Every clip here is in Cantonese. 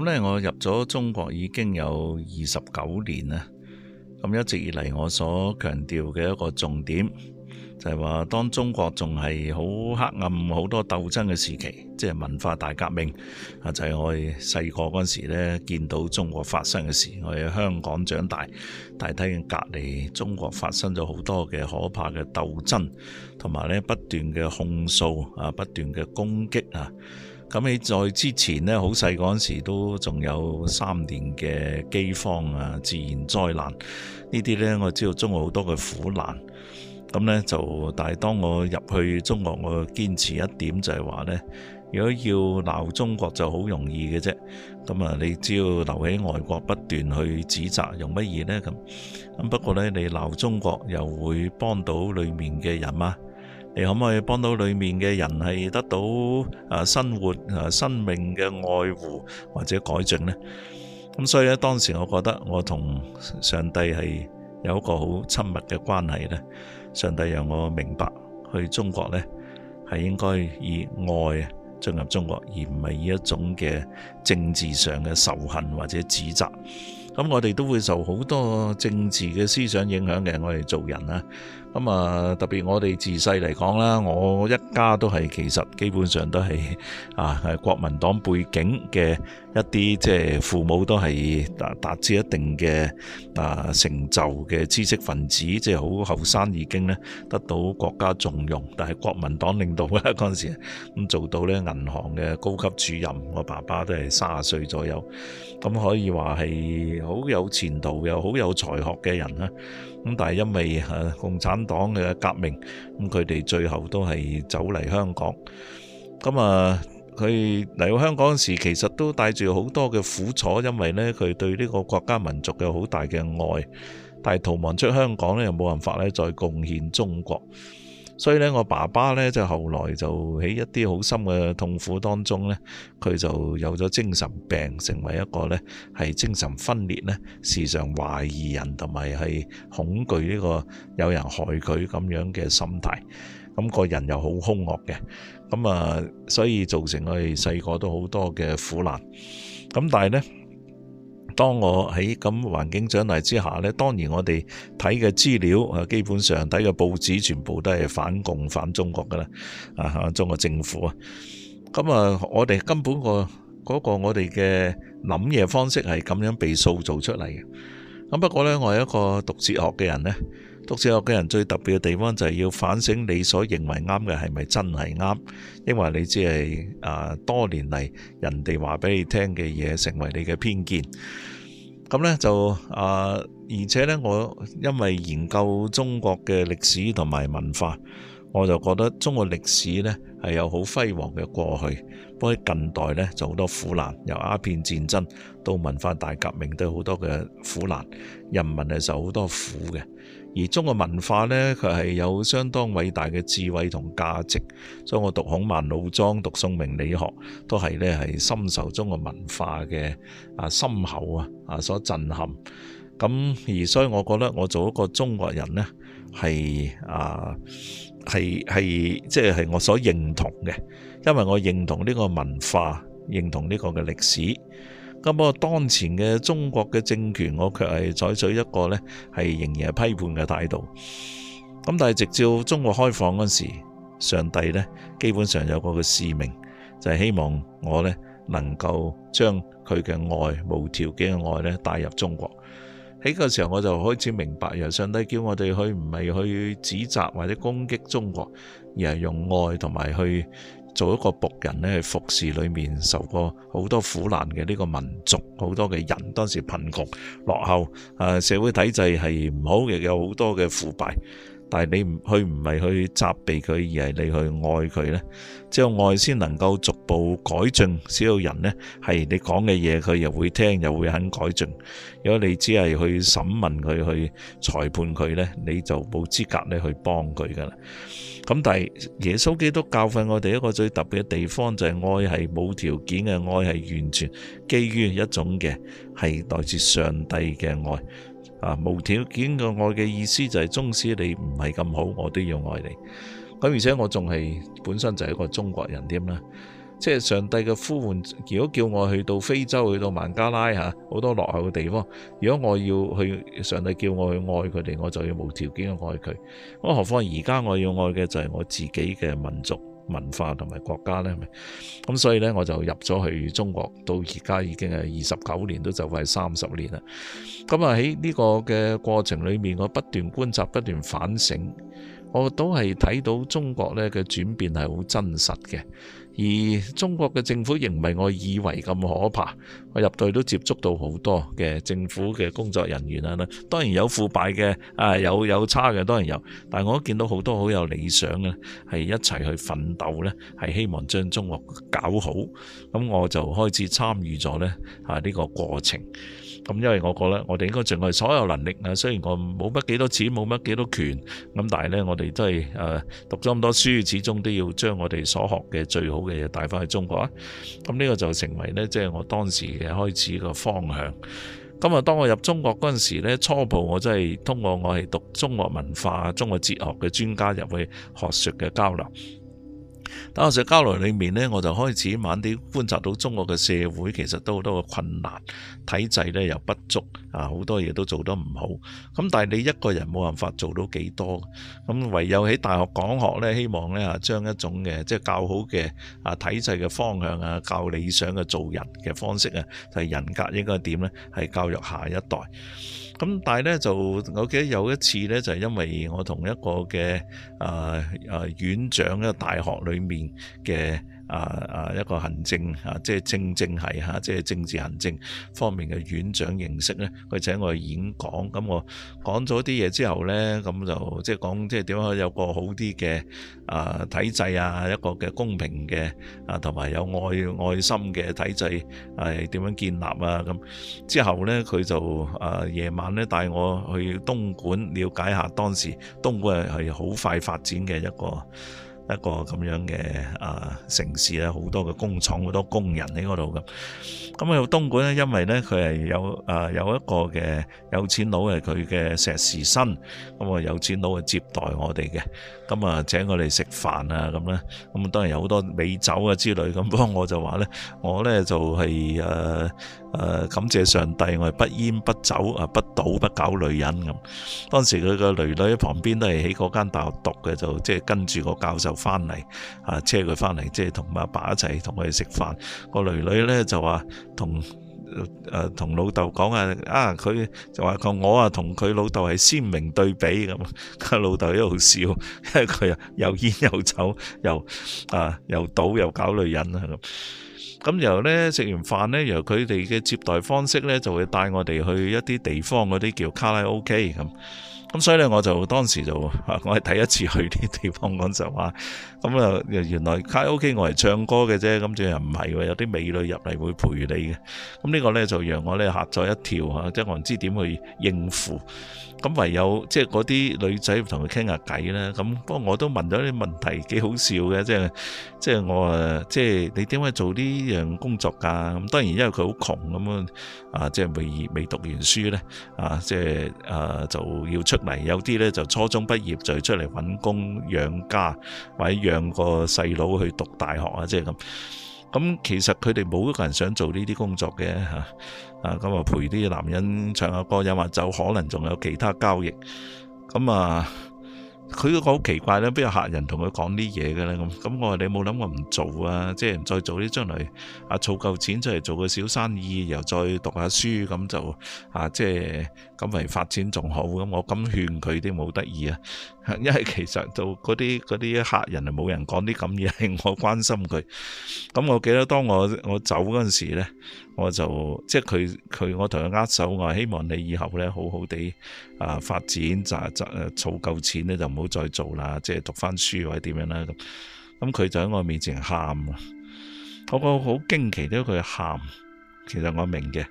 咁呢，我入咗中國已經有二十九年啦。咁一直以嚟，我所強調嘅一個重點，就係話當中國仲係好黑暗、好多鬥爭嘅時期，即係文化大革命啊，就係我細個嗰陣時呢，見到中國發生嘅事。我喺香港長大，大體嘅隔離中國發生咗好多嘅可怕嘅鬥爭，同埋呢不斷嘅控訴啊，不斷嘅攻擊啊。咁你在之前呢，好細個嗰時都仲有三年嘅饑荒啊，自然災難呢啲呢。我知道中國好多嘅苦難。咁呢，就，但係當我入去中國，我堅持一點就係話呢：「如果要鬧中國就好容易嘅啫。」咁啊，你只要留喺外國不斷去指責，用乜嘢呢？咁？咁不過呢，你鬧中國又會幫到裏面嘅人嗎？你可唔可以幫到裏面嘅人係得到啊，生活啊，生命嘅愛護或者改正呢？咁所以咧，當時我覺得我同上帝係有一個好親密嘅關係咧。上帝讓我明白去中國呢，係應該以愛進入中國，而唔係以一種嘅政治上嘅仇恨或者指責。咁我哋都會受好多政治嘅思想影響嘅，我哋做人啊。咁啊，特別我哋自細嚟講啦，我一家都係其實基本上都係啊，係國民黨背景嘅一啲，即係父母都係達達至一定嘅啊成就嘅知識分子，即係好後生已經咧得到國家重用，但係國民黨領導嘅嗰陣時，咁做到咧銀行嘅高級主任，我爸爸都係三十歲左右，咁可以話係好有前途又好有才學嘅人啦。咁但係因為吓共產黨嘅革命，咁佢哋最後都係走嚟香港。咁啊，佢嚟到香港時，其實都帶住好多嘅苦楚，因為咧佢對呢個國家民族有好大嘅愛，但係逃亡出香港咧又冇辦法咧再貢獻中國。所以咧，我爸爸咧就後來就喺一啲好深嘅痛苦當中咧，佢就有咗精神病，成為一個咧係精神分裂咧，時常懷疑人同埋係恐懼呢個有人害佢咁樣嘅心態，咁個人又好兇惡嘅，咁啊，所以造成我哋細個都好多嘅苦難，咁但係咧。當我喺咁環境獎勵之下咧，當然我哋睇嘅資料啊，基本上睇嘅報紙全部都係反共反中國噶啦，啊，中國政府啊，咁啊，我哋根本、個嗰、個我哋嘅諗嘢方式係咁樣被塑造出嚟嘅。咁、啊、不過呢，我係一個讀哲學嘅人咧。讀史學嘅人最特別嘅地方就係要反省你所認為啱嘅係咪真係啱，因為你只係啊多年嚟，人哋話俾你聽嘅嘢，成為你嘅偏見。咁呢，就啊，而且呢，我因為研究中國嘅歷史同埋文化，我就覺得中國歷史呢係有好輝煌嘅過去，不過近代呢，就好多苦難，由鴉片戰爭到文化大革命都好多嘅苦難，人民係受好多苦嘅。而中國文化呢，佢係有相當偉大嘅智慧同價值。所以我讀孔孟老莊，讀宋明理學，都係呢係深受中國文化嘅啊深厚啊啊所震撼。咁而所以，我覺得我做一個中國人呢，係啊係係即係我所認同嘅，因為我認同呢個文化，認同呢個嘅歷史。咁不過，當前嘅中國嘅政權，我卻係採取一個呢係仍然係批判嘅態度。咁但係，直到中國開放嗰時，上帝呢基本上有個嘅使命，就係希望我呢能夠將佢嘅愛，無條件嘅愛呢帶入中國。喺個時候，我就開始明白，由上帝叫我哋去唔係去指責或者攻擊中國，而係用愛同埋去。做一個僕人呢，服侍裏面受過好多苦難嘅呢個民族，好多嘅人當時貧窮、落後，誒社會體制係唔好嘅，有好多嘅腐敗。但係你唔，去唔係去責備佢，而係你去愛佢咧。只有愛先能夠逐步改進，少有人咧係你講嘅嘢，佢又會聽，又會肯改進。如果你只係去審問佢、去裁判佢咧，你就冇資格咧去幫佢噶啦。咁但係耶穌基督教訓我哋一個最特別嘅地方就係愛係冇條件嘅，愛係完全基於一種嘅係來自上帝嘅愛。啊，無條件嘅愛嘅意思就係、是，即使你唔係咁好，我都要愛你。咁而且我仲係本身就係一個中國人添啦。即係上帝嘅呼喚，如果叫我去到非洲、去到孟加拉嚇，好多落後嘅地方，如果我要去，上帝叫我去愛佢哋，我就要無條件嘅愛佢。我何況而家我要愛嘅就係我自己嘅民族。文化同埋國家呢，咁所以呢，我就入咗去中國，到而家已經係二十九年，都就快三十年啦。咁啊喺呢個嘅過程裏面，我不斷觀察、不斷反省，我都係睇到中國呢嘅轉變係好真實嘅。而中國嘅政府仍唔係我以為咁可怕，我入隊都接觸到好多嘅政府嘅工作人員啦。當然有腐敗嘅，啊有有差嘅，當然有，但係我都見到好多好有理想嘅，係一齊去奮鬥呢，係希望將中國搞好。咁我就開始參與咗咧，啊呢個過程。咁因為我覺得我哋應該盡我所有能力啊，雖然我冇乜幾多錢，冇乜幾多權，咁但係呢、就是，我哋都係誒讀咗咁多書，始終都要將我哋所學嘅最好嘅嘢帶翻去中國啊！咁、嗯、呢、這個就成為呢，即、就、係、是、我當時嘅開始嘅方向。咁、嗯、啊，當我入中國嗰陣時呢，初步我真係通過我係讀中國文化、中國哲學嘅專家入去學術嘅交流。但係在交流裏面呢，我就開始慢啲觀察到中國嘅社會其實都好多嘅困難，體制咧又不足，啊好多嘢都做得唔好。咁但係你一個人冇辦法做到幾多，咁唯有喺大學講學呢，希望呢啊將一種嘅即係較好嘅啊體制嘅方向啊，較理想嘅做人嘅方式啊，就係、是、人格應該點呢？係教育下一代。咁但係咧就，我記得有一次咧，就係因為我同一個嘅呃呃院長一個大學裏面嘅。啊啊！一個行政啊，即係正正係嚇，即係政治行政方面嘅院長認識呢。佢、啊、請我去演講，咁、啊、我講咗啲嘢之後呢，咁就即係講即係點樣有個好啲嘅啊體制啊，一個嘅公平嘅啊同埋有，有愛愛心嘅體制係點、啊、樣建立啊咁、啊。之後呢，佢就啊夜晚呢帶我去東莞了解下當時東莞係好快發展嘅一個。一個咁樣嘅啊、呃、城市咧，好多嘅工廠，好多工人喺嗰度嘅。咁啊，到東莞咧，因為咧佢係有啊、呃、有一個嘅有錢佬係佢嘅碩士生，咁、嗯、啊有錢佬係接待我哋嘅，咁、嗯、啊請我哋食飯啊咁咧，咁、嗯嗯、當然有好多美酒啊之類，咁不過我就話咧，我咧就係、是、誒。呃誒，感謝上帝，我係不煙不酒啊，不賭不搞女人咁。當時佢個女女喺旁邊都係喺嗰間大學讀嘅，就即係跟住個教授翻嚟啊，車佢翻嚟，即係同阿爸一齊同佢食飯。個女女呢就話同誒、啊、同老豆講啊，啊佢就話同我啊同佢老豆係鮮明對比咁。個、啊、老豆一路笑，因為佢又煙又酒又啊又賭又搞女人啊咁。咁由咧食完飯咧，由佢哋嘅接待方式咧，就會帶我哋去一啲地方，嗰啲叫卡拉 OK 咁。咁所以咧，我就當時就我係第一次去啲地方嗰陣話，咁啊原來卡拉 OK 我係唱歌嘅啫，咁就又唔係喎？有啲美女入嚟會陪你嘅。咁呢個咧就讓我咧嚇咗一跳吓，即係我唔知點去應付。咁唯有即係嗰啲女仔同佢傾下偈啦。咁不過我都問咗啲問題，幾好笑嘅。即係即係我誒，即係你點解做呢樣工作㗎？咁當然因為佢好窮咁樣啊，即係未未讀完書呢，啊，即係啊、呃、就要出嚟。有啲呢，就初中畢業就要出嚟揾工養家，或者養個細佬去讀大學啊，即係咁。咁其實佢哋冇一個人想做呢啲工作嘅嚇啊，咁啊，啊陪啲男人唱下歌，又或走，可能仲有其他交易咁啊。佢都好奇怪咧，邊有客人同佢講啲嘢嘅咧。咁咁我話，你冇諗過唔做啊？即係唔再做啲，將來啊，儲夠錢出嚟做個小生意，又再讀下書，咁就啊即係。咁嚟發展仲好，咁我咁勸佢啲冇得意啊，因為其實就嗰啲啲客人啊，冇人講啲咁嘢，我關心佢。咁我記得當我我走嗰陣時咧，我就即係佢佢我同佢握手，我話希望你以後呢，好好地啊發展，賺賺誒儲夠錢咧就唔好再做啦，即係讀翻書或者點樣啦。咁咁佢就喺我面前喊，我個好驚奇都佢喊，其實我明嘅，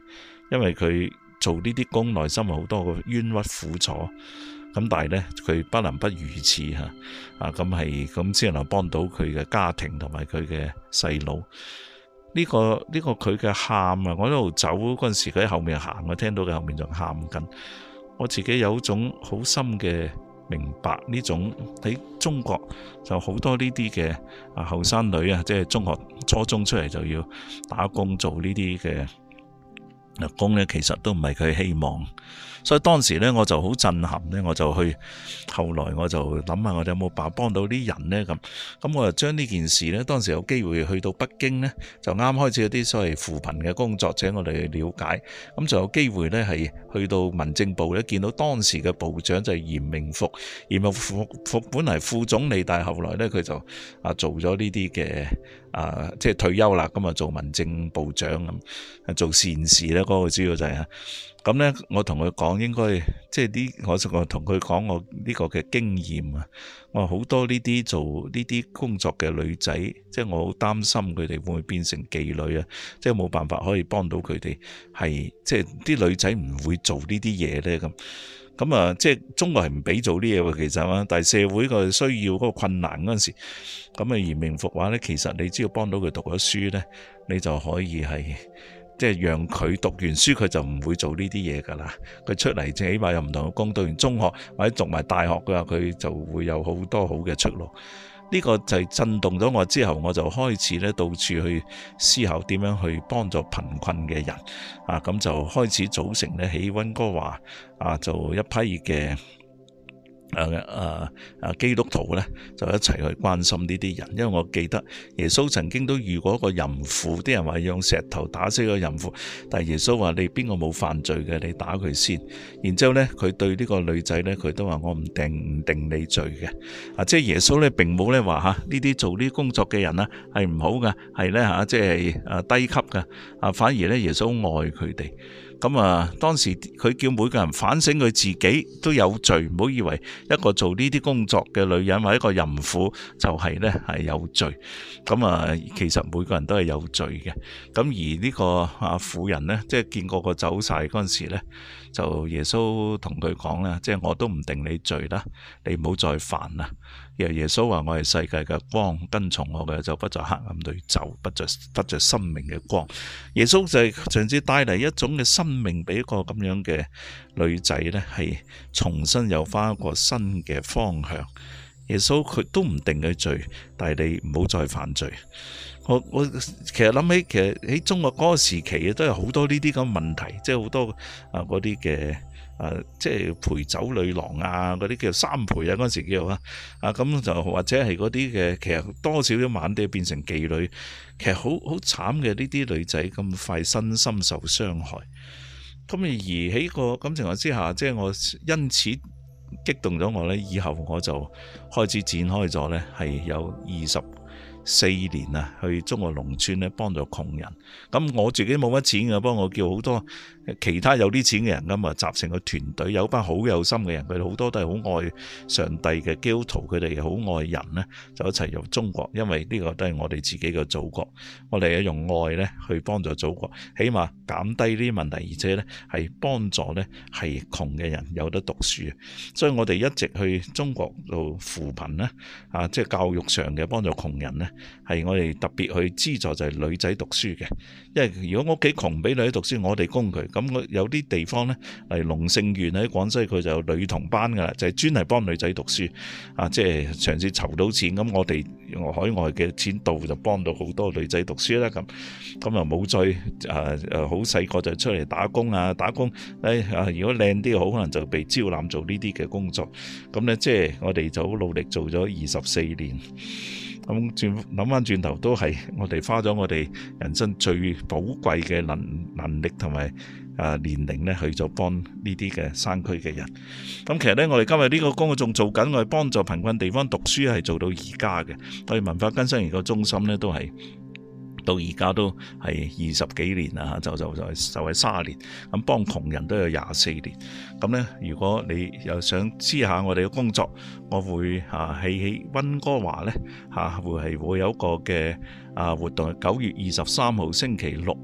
因為佢。做呢啲工，內心好多個冤屈苦楚，咁但係呢，佢不能不如此吓，啊咁係咁先能幫到佢嘅家庭同埋佢嘅細佬。呢個呢個佢嘅喊啊，我一路走嗰陣時，佢喺後面行，我聽到佢後面仲喊緊。我自己有種好深嘅明白，呢種喺中國就好多呢啲嘅啊後生女啊，即係中學、初中出嚟就要打工做呢啲嘅。嗱，工，嘞其實都唔係佢希望。所以當時咧，我就好震撼咧，我就去。後來我就諗下，我哋有冇辦法幫到啲人呢？咁。咁我就將呢件事呢，當時有機會去到北京呢，就啱開始有一啲所謂扶貧嘅工作，者。我哋去了解。咁就有機會呢，係去到民政部呢見到當時嘅部長就係嚴明復。嚴明復本嚟副總理，但係後來呢，佢就啊做咗呢啲嘅啊，即係退休啦。今日做民政部長咁，做善事呢，嗰個主要就係。咁咧、就是，我同佢講，應該即係啲，我我同佢講我呢個嘅經驗啊，我好多呢啲做呢啲工作嘅女仔，即、就、係、是、我好擔心佢哋會唔會變成妓女啊！即係冇辦法可以幫到佢哋，係即係啲女仔唔會做呢啲嘢咧咁。咁啊，即係、就是、中國係唔俾做呢嘢喎，其實啊，但係社會個需要嗰、那個困難嗰陣時，咁啊嚴明復話咧，其實你只要幫到佢讀咗書咧，你就可以係。即係讓佢讀完書，佢就唔會做呢啲嘢㗎啦。佢出嚟，即係起碼有唔同嘅工。讀完中學或者讀埋大學嘅話，佢就會有好多好嘅出路。呢個就係震動咗我之後，我就開始咧到處去思考點樣去幫助貧困嘅人。啊，咁就開始組成咧喺温哥華啊，做一批嘅。誒誒、啊啊、基督徒呢，就一齊去關心呢啲人，因為我記得耶穌曾經都遇過一個淫婦，啲人話用石頭打死個淫婦，但係耶穌話你邊個冇犯罪嘅，你打佢先。然之後咧，佢對呢個女仔呢，佢都話我唔定唔定你罪嘅。啊，即係耶穌呢，並冇呢話吓呢啲做呢啲工作嘅人、啊、呢，係唔好噶，係呢，吓即係誒低級噶，啊反而呢，耶穌愛佢哋。咁啊，當時佢叫每個人反省佢自己都有罪，唔好以為一個做呢啲工作嘅女人或一個淫婦就係咧係有罪。咁啊，其實每個人都係有罪嘅。咁而呢個啊婦人咧，即係見個個走晒嗰陣時咧，就耶穌同佢講咧，即係我都唔定你罪啦，你唔好再犯啦。耶耶穌話：我係世界嘅光，跟從我嘅，就不在黑暗裏走，不著不著生命嘅光。耶穌就係嘗試帶嚟一種嘅生命，俾一個咁樣嘅女仔呢，係重新有翻一個新嘅方向。耶穌佢都唔定嘅罪，但係你唔好再犯罪。我我其實諗起，其實喺中國嗰個時期都有好多呢啲咁問題，即係好多啊嗰啲嘅。誒、啊，即係陪酒女郎啊，嗰啲叫三陪啊，嗰陣時叫啊，啊咁就或者係嗰啲嘅，其實多少啲晚啲變成妓女，其實好好慘嘅呢啲女仔咁快身心受傷害。咁而喺個咁情況之下，即係我因此激動咗我呢。以後我就開始展開咗呢，係有二十四年啊，去中國農村咧幫助窮人。咁我自己冇乜錢嘅，幫我叫好多其他有啲錢嘅人咁啊，集成個團隊，有班好有心嘅人，佢哋好多都係好愛上帝嘅基督徒，佢哋好愛人咧，就一齊入中國，因為呢個都係我哋自己嘅祖國，我哋要用愛咧去幫助祖國，起碼減低呢啲問題，而且咧係幫助咧係窮嘅人有得讀書。所以我哋一直去中國度扶貧咧，啊，即係教育上嘅幫助窮人咧。係我哋特別去資助就係女仔讀書嘅，因為如果我屋企窮，俾女仔讀書，我哋供佢。咁我有啲地方呢，例如龍勝縣喺廣西，佢就女童班噶啦，就係專係幫女仔讀書。啊，即係嘗試籌到錢，咁我哋用海外嘅錢度就幫到好多女仔讀書啦。咁咁又冇再啊，誒，好細個就出嚟打工啊，打工。誒、哎啊，如果靚啲，好可能就被招攬做呢啲嘅工作。咁、啊、呢，即係我哋就好努力做咗二十四年。咁轉諗翻轉頭，都係我哋花咗我哋人生最寶貴嘅能能力同埋啊年齡咧，去咗幫呢啲嘅山區嘅人。咁其實咧，我哋今日呢個工作仲做緊，我哋幫助貧困地方讀書係做到而家嘅。我哋文化更新研究中心咧，都係。到而家都係二十幾年啦嚇，就就就係就係卅年，咁幫窮人都有廿四年。咁咧，如果你又想知下我哋嘅工作，我會嚇喺喺溫哥華咧嚇、啊，會係會有一個嘅。啊活動係九月二十三號星期六，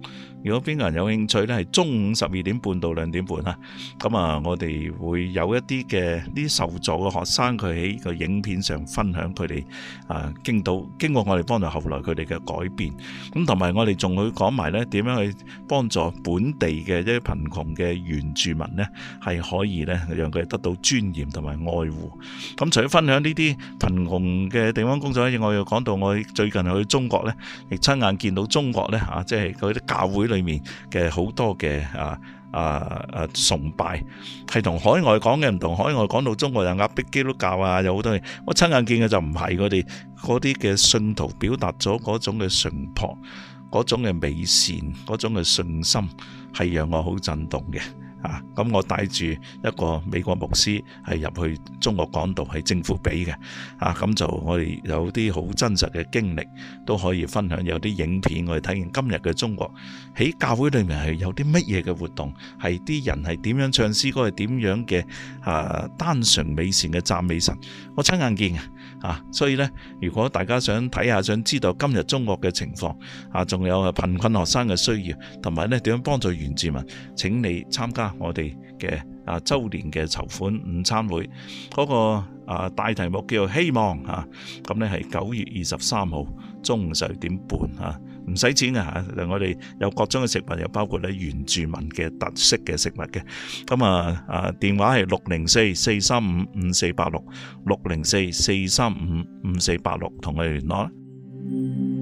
如果邊個人有興趣咧，係中午十二點半到兩點半啊。咁啊，我哋會有一啲嘅呢啲受助嘅學生，佢喺個影片上分享佢哋啊經到經過我哋幫助後來佢哋嘅改變。咁同埋我哋仲會講埋咧點樣去幫助本地嘅一啲貧窮嘅原住民咧，係可以咧讓佢哋得到尊嚴同埋愛護。咁除咗分享呢啲貧窮嘅地方工作，咧，我又要講到我最近去中國咧。亦親眼見到中國咧，吓，即係佢啲教會裏面嘅好多嘅啊啊啊崇拜，係同海外講嘅唔同。海外講到中國人壓迫基督教啊，有好多嘢。我親眼見嘅就唔係佢哋嗰啲嘅信徒表達咗嗰種嘅純樸，嗰種嘅美善，嗰種嘅信心，係讓我好震動嘅。啊！咁我帶住一個美國牧師係入去中國講道，係政府俾嘅。啊！咁就我哋有啲好真實嘅經歷都可以分享，有啲影片我哋睇完今日嘅中國喺教會裏面係有啲乜嘢嘅活動，係啲人係點樣唱詩歌，係點樣嘅啊單純美善嘅讚美神，我親眼見啊！所以呢，如果大家想睇下，想知道今日中國嘅情況，啊，仲有貧困學生嘅需要，同埋呢點樣幫助原住民，請你參加。我哋嘅啊周年嘅籌款午餐會，嗰個啊大題目叫希望啊，咁咧係九月二十三號中午十二點半啊，唔使錢嘅吓、啊，我哋有各種嘅食物，又包括咧原住民嘅特色嘅食物嘅，咁啊啊電話係六零四四三五五四八六六零四四三五五四八六，同我哋聯絡。